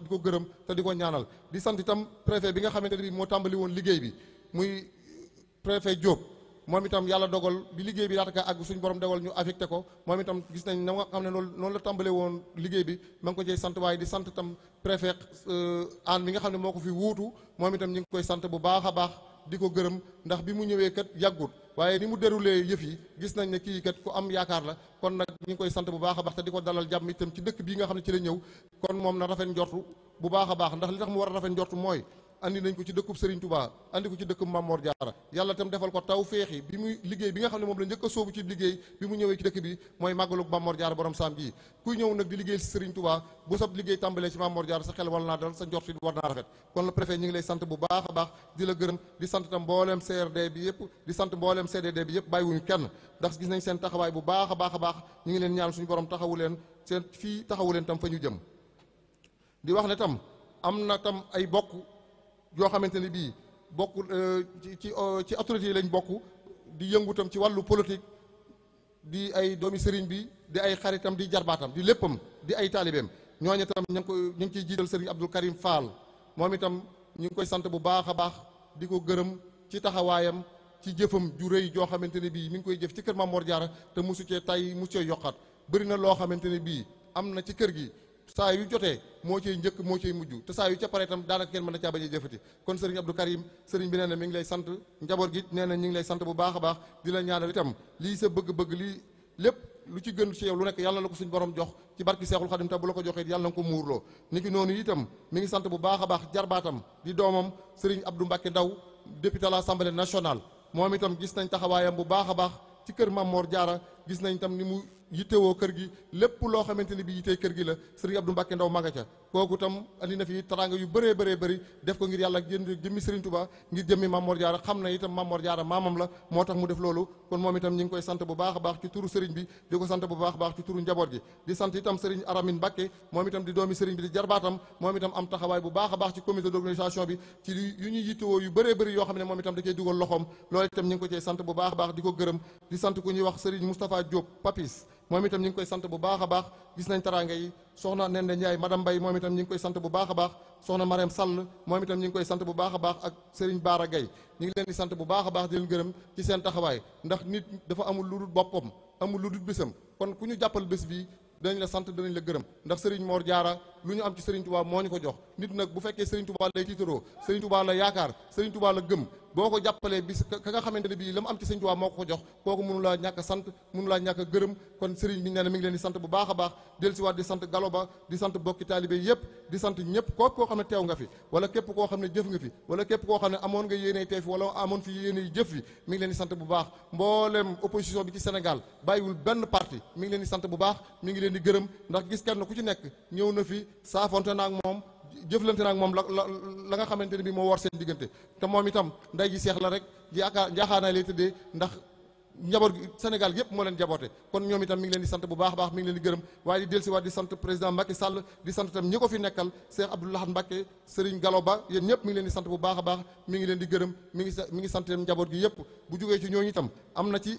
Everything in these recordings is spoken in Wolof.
di ko gërëm te di ko ñaanal di sant itam préfet bi nga xamante ne bi moo tàmbali woon liggéey bi muy préfet Diop moom itam yàlla dogal bi liggéey bi daataka ak suñu borom dogal ñu affecté ko moom itam gis nañ na nga xam ne loolu noonu la tàmbale woon liggéey bi ma ngi ko cay sant waaye di sant itam préfet euh, Anne mi nga xam ne moo ko fi wuutu moom itam ñu ngi koy sant bu baax a baax di ko gërëm ndax bi mu ñëwee kat yàggut waaye ni mu derulee yëf yi gis nañ ne kii kat ku am yaakaar la kon nag ñu ngi koy sant bu baax a baax te di ko dalal jàmm itam ci dëkk bii nga xam ne ci la ñëw kon moom na rafet njortu bu baax a baax ndax li tax mu war a rafet njortu mooy indi nañ ko ci dëkkub Serigne Touba andi ko ci dëkkub Mamor Diarra yàlla itam defal ko taw féexi bi muy liggéey bi nga xam ne moom la njëkk a sóobu ci liggéey bi mu ñëwee ci dëkk bi mooy màggalug Mamor Diarra borom saam ji kuy ñëw nag di liggéey si Serigne Touba bu sab liggéey tàmbalee ci Mamor Diarra sa xel war naa dal sa njort fi war naa rafet kon le préfet ñu ngi lay sant bu baax baax di la gërëm di sant tam mbooleem CRD bi yëpp di sant mbooleem CDD bi yëpp bàyyiwuñu kenn ndax gis nañ seen taxawaay baax a baax a baax ñu ngi leen ñaan suñu borom taxawu leen seen fii taxawu leen ñu jëm di wax ne tam am na tam ay bokk yoo xamante ne bii bokk euh, ci ci euh, ci autorité yi lañ bokk di yëngutam ci wàllu politique di ay doomi sëriñ bi di ay xaritam di jarbaatam di léppam di ay taalibeem ñooñu tam ñu ngi koy ñu ngi ciy jiital sëriñ Abdul Karim Fall moom itam ñu ngi koy sant bu baax a baax di ko gërëm ci taxawaayam ci jëfam ju rëy joo xamante ne bii mi ngi koy jëf ci kër Mamor Diarra te mosu cee tay mosu cee yokkaat bëri na loo xamante ne bii am na ci kër gi saa yu jotee. moo ciy njëkk moo ciy mujj te saa yu ca pare itam daanaka kenn mën na caa a jëfati kon sëriñ Abdou Karim sëriñ bi nee mi ngi lay sant njaboot gi nee na ngi lay sant bu baax a baax di la ñaanal itam lii sa bëgg-bëgg lii lépp lu ci gën ci yow lu nekk yàlla na ko suñ borom jox ci barki seexul xadim ta bu la ko joxee yàlla na ko muurloo ni ki noonu itam mi ngi sant bu baax a baax jarbaatam di doomam sëriñ Abdou Mbacke Ndaw député à l'Assemblée nationale moom itam gis nañ taxawaayam bu baax a baax ci kër Mamor Diarra gis nañ itam ni mu yittewoo kër gi lépp loo xamante ni bi yittee kër gi la sëriñ Abdou Mbacke Ndaw manga ca kooku tam andi na fi taraanga yu bëree bëree bëri def ko ngir yàlla jënd jëmmi sëriñ Touba ngir jëmmi Mamor Diarra xam na itam Mamor Diarra maamam la moo tax mu def loolu kon moom itam ñi ngi koy sant bu baax a baax ci turu sëriñ bi di ko sant bu baax a baax ci turu njaboot gi di sant itam sëriñ Aramine Mbacke moom itam di doomi sëriñ bi di jarbaatam moom itam am taxawaay bu baax a baax ci comité d'organisation bi ci yu ñuy yoo xam ne moom itam da cey dugal loxoom loolu itam sant bu baax a baax di ko gërëm di sant ku Papis moom itam ñu ngi koy sant bu baax a baax gis nañ taraanga yi soxna Nende Ndiaye madame mbay moom itam ñu ngi koy sant bu baax a baax soxna Marème Sall moom itam ñu ngi koy sant bu baax a baax ak Serigne Bara Gaye ñu ngi leen di sant bu baax a baax di gërëm ci seen taxawaay ndax nit dafa amul lu dul boppam amul lu dul bésam kon ku ñu jàppal bés bi dañu la sant danañ la gërëm ndax Serigne moor jaara lu ñu am ci Serigne Touba moo ñu ko jox nit nag bu fekkee Serigne Touba lay tiitaroo Serigne Touba la yaakaar Serigne Touba la gëm boo ko jàppalee bis ka nga xamante ne bii la mu am ci Serigne Touba moo ko ko jox kooku mënu ñàkk sant mënu laa ñàkk gërëm kon Serigne bi nee na mi ngi leen di sant bu baax a baax dellusiwaat di sant galo ba di sant bokki taalibe yëpp di sant ñëpp képp koo xam ne teew nga fi wala képp koo xam ne jëf nga fi wala képp koo xam ne amoon nga yéeney teew fi wala amoon fi yéeney jëf fi mi leen di sant bu baax mboolem opposition bi ci Sénégal bàyyiwul benn parti mi ngi leen di sant bu baax mi ngi leen di gërëm ndax gis kenn ku ci nekk ñëw na fi saafonte na ak moom jëflante na ak moom la la nga xamante ne bii moo war seen diggante te moom itam nday ji seex la rek yaakaar naa lay tëddee ndax njaboot gi senegal yëpp moo leen jaboote kon ñoom itam mi ngi leen di sant bu baax a baax mi ngi leen di gërëm waaye di sant président Macky Sall di sant itam ñi ko fi nekkal Cheikh Abdou Lahad Mbacké Serigne Gallo Ba yéen ñëpp mi ngi leen di sant bu baax baax mi ngi leen di gërëm mi ngi mi ngi sant njaboot gi yëpp bu jógee ci ñooñu itam am na ci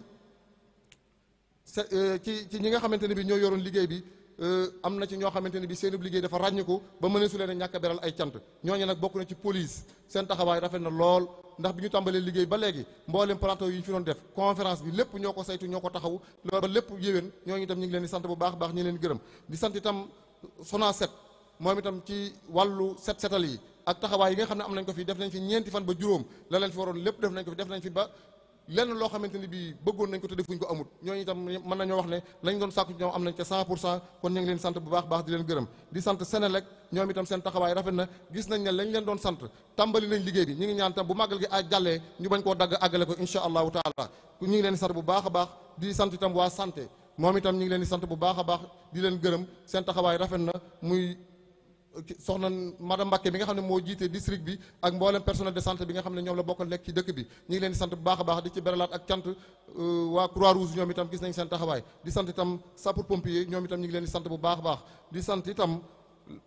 eh, ci ci ñi nga xamante ne bi ñoo yoroon liggéey bi Euh, am na ci ñoo xamante ne bi seen liggéey dafa ràññiku ba mënee su leen ñàkk beral ay cant ñooñu nag bokk na ci police seen taxawaay rafet na lool ndax bi ñu tàmbalee liggéey ba léegi mboolem plateau yi ñu fi doon def conférence bi lépp ñoo ko saytu ñoo ko taxaw loolu ba lépp yéwén ñooñu itam ñu ngi leen di sant bu baax baax ñi leen gërëm di sant itam Sonacet moom itam ci wàllu set setal yi ak taxawaay yi nga xam ne am nañ ko fii def nañ fi ñeenti fan ba juróom leen fi lépp def nañ ko def nañ fi ba lenn loo xamante ni bii bëggoon nañ ko te defuñ ko amut ñooñu itam mën nañoo wax ne lañ doon sàkku ñoom am nañ ca 100 pour cent leen sant bu baax baax di leen gërëm di sant Senelec itam seen taxawaay rafet na gis nañ ne lañ leen doon sant tàmbali nañ liggéey bi ñu ngi ñaan bu màggal gi a jàllee ñu ko incha allahu taala ñu ngi leen sant bu baax a baax di sant itam waa santé moom itam ñu ngi leen di sant bu baax baax di leen gërëm seen taxawaay rafet na muy soxna madame Mbacke bi nga xam ne moo jiite district bi ak mboolem personnel de santé bi nga xam ne ñoom la bokkal nekk ci dëkk bi ñu ngi leen di bu baax a baax di ci beralaat ak cant euh, waa croix rouge ñoom itam gis nañ seen taxawaay di sant itam sapeur pompier ñoom itam ñu ngi leen di sant bu baax a baax di sant itam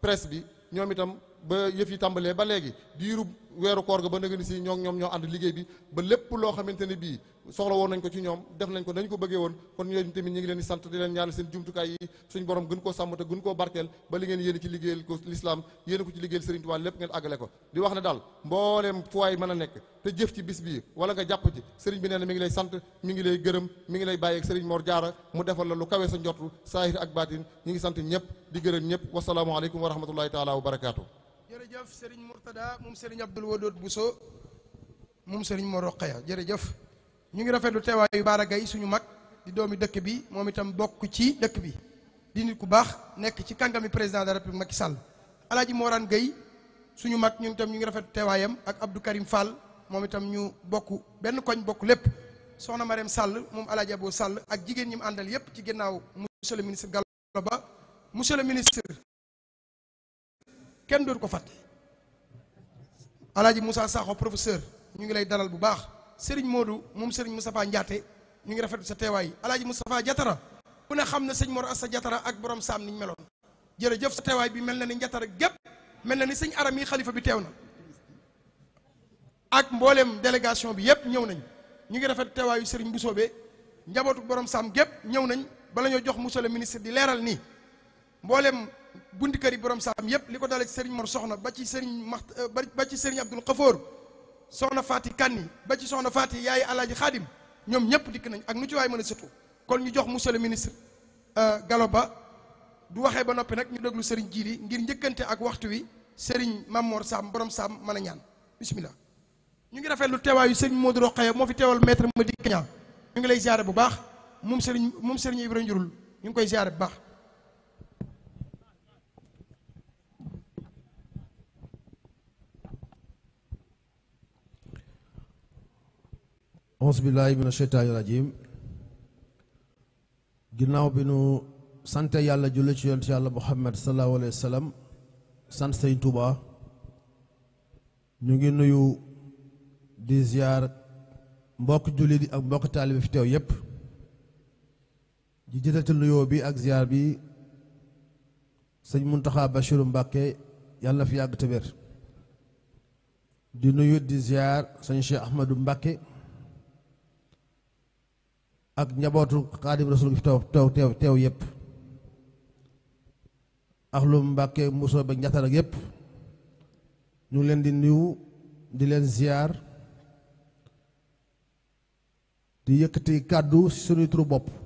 presse bi ñoom itam ba yëf yi tàmbalee ba léegi diiru weeru koor ga ba nëgëni si ñoo ñoom ñoo ànd liggéey bi ba lépp loo xamante ne bii soxla woon nañ ko ci ñoom def nañ ko dañ ko bëggee woon kon ñooñu tamit ñi ngi leen di sant di leen ñaanal seen jumtukaay yi suñ borom gën koo sàmm te gën koo barkeel ba li ngeen yéen ci liggéeyal ko l'islam yéen ko ci liggéeyal Serigne Touba lépp ngeen àggale ko di wax ne daal mbooleem fu waay mën a nekk te jëf ci bis bii wala nga jàpp ci Serigne bi nee na mi ngi lay sant mi ngi lay gërëm mi ngi lay bàyyi ak Serigne Mor mu defal la lu kawee sa njortu saahir ak baatin ñi ngi sant ñëpp di gërëm ñëpp wasalaamu aleykum wa rahmatullahi taala wa barakaatu jërëjëf sëriñ Mourtada moom sëriñ Abdul bu Bousso moom sëriñ Mor Roqaya jërëjëf ñu ngi rafetlu teewaayu Baara gay suñu mag di doomi dëkk bi moom itam bokk ci dëkk bi dindi ku baax nekk ci kàngami président de la République sàll Sall Alaaji Mooraan Gaye suñu mag ñun itam ñu ngi rafetlu teewaayam ak Abdou Karim Fall moom itam ñu bokk benn koñ bokk lépp soxna Marème sàll moom Alaaji Abo sàll ak jigéen ñi mu àndal yépp ci ginnaaw monsieur le ministre Gallo Ba monsieur le ministre kenn dootu ko fàtte alaaji Moussa Sakho professeur ñu ngi lay daral bu baax Serigne moodu moom Serigne Moustapha Ndiaté ñu ngi rafetlu sa teewaay alaaji Moustapha Diatara ku ne xam na sëñ Mor Assa Diatara ak borom saam niñ meloon jërëjëf sa teewaay bi mel na ni Diatara gépp mel na ni sëñ aram yi xalifa bi teew na ak mboolem délégation bi yëpp ñëw nañ ñu ngi rafet teewaayu Serigne Boussobé njabootu borom saam gépp ñëw nañ bala ñoo jox monsieur le ministre di leeral nii mboolem bunti kër yi borom saam yépp li ko dalee ci sëriñ Mor Soxna ba ci sëriñ Maxt euh, ba ci sëriñ Abdul Xafoor soxna Faati Kanni ba ci soxna Faati yaay Alaaji Xaadim ñoom ñëpp dikk nañ ak nu ci waay mën a sëtu kon ñu jox monsieur le ministre euh, galo Ba du waxee ba noppi nag ñu déglu sëriñ Jiili ngir njëkkante ak waxtu wi sëriñ Mamor saam borom saam mën a ñaan bismillah ñu ngi rafet lu teewaayu sëriñ moo fi teewal maître Madické Niang ñu ngi lay ziare bu baax moom sëriñ moom sëriñ Ibrahima Njurul ñu ngi koy ziare bu baax auzu billaahi mina sheytaani rajiim ginnaaw bi nu sante yàlla julli ci yonent yàlla muhammad salallaahu alayhi wa sant sëñ Tuuba ñu ngi nuyu di ziyaar mbokk julli di ak mbokk taalibe fi teew yépp di jëtati nuyoo bi ak ziyaar bi sëñ Muntaxa Bachiru Mbàkke yàlla fi yàgg te di nuyu di ziyaar sëñ Cheikh Ahmadou Mbàkke ak njabootu xaadim rasul gi fi teew teew teew yëpp ak lu mbàkke ba njataan ak yëpp ñu leen di nuyu di leen ziar di yëkkati kàddu suñu turu bopp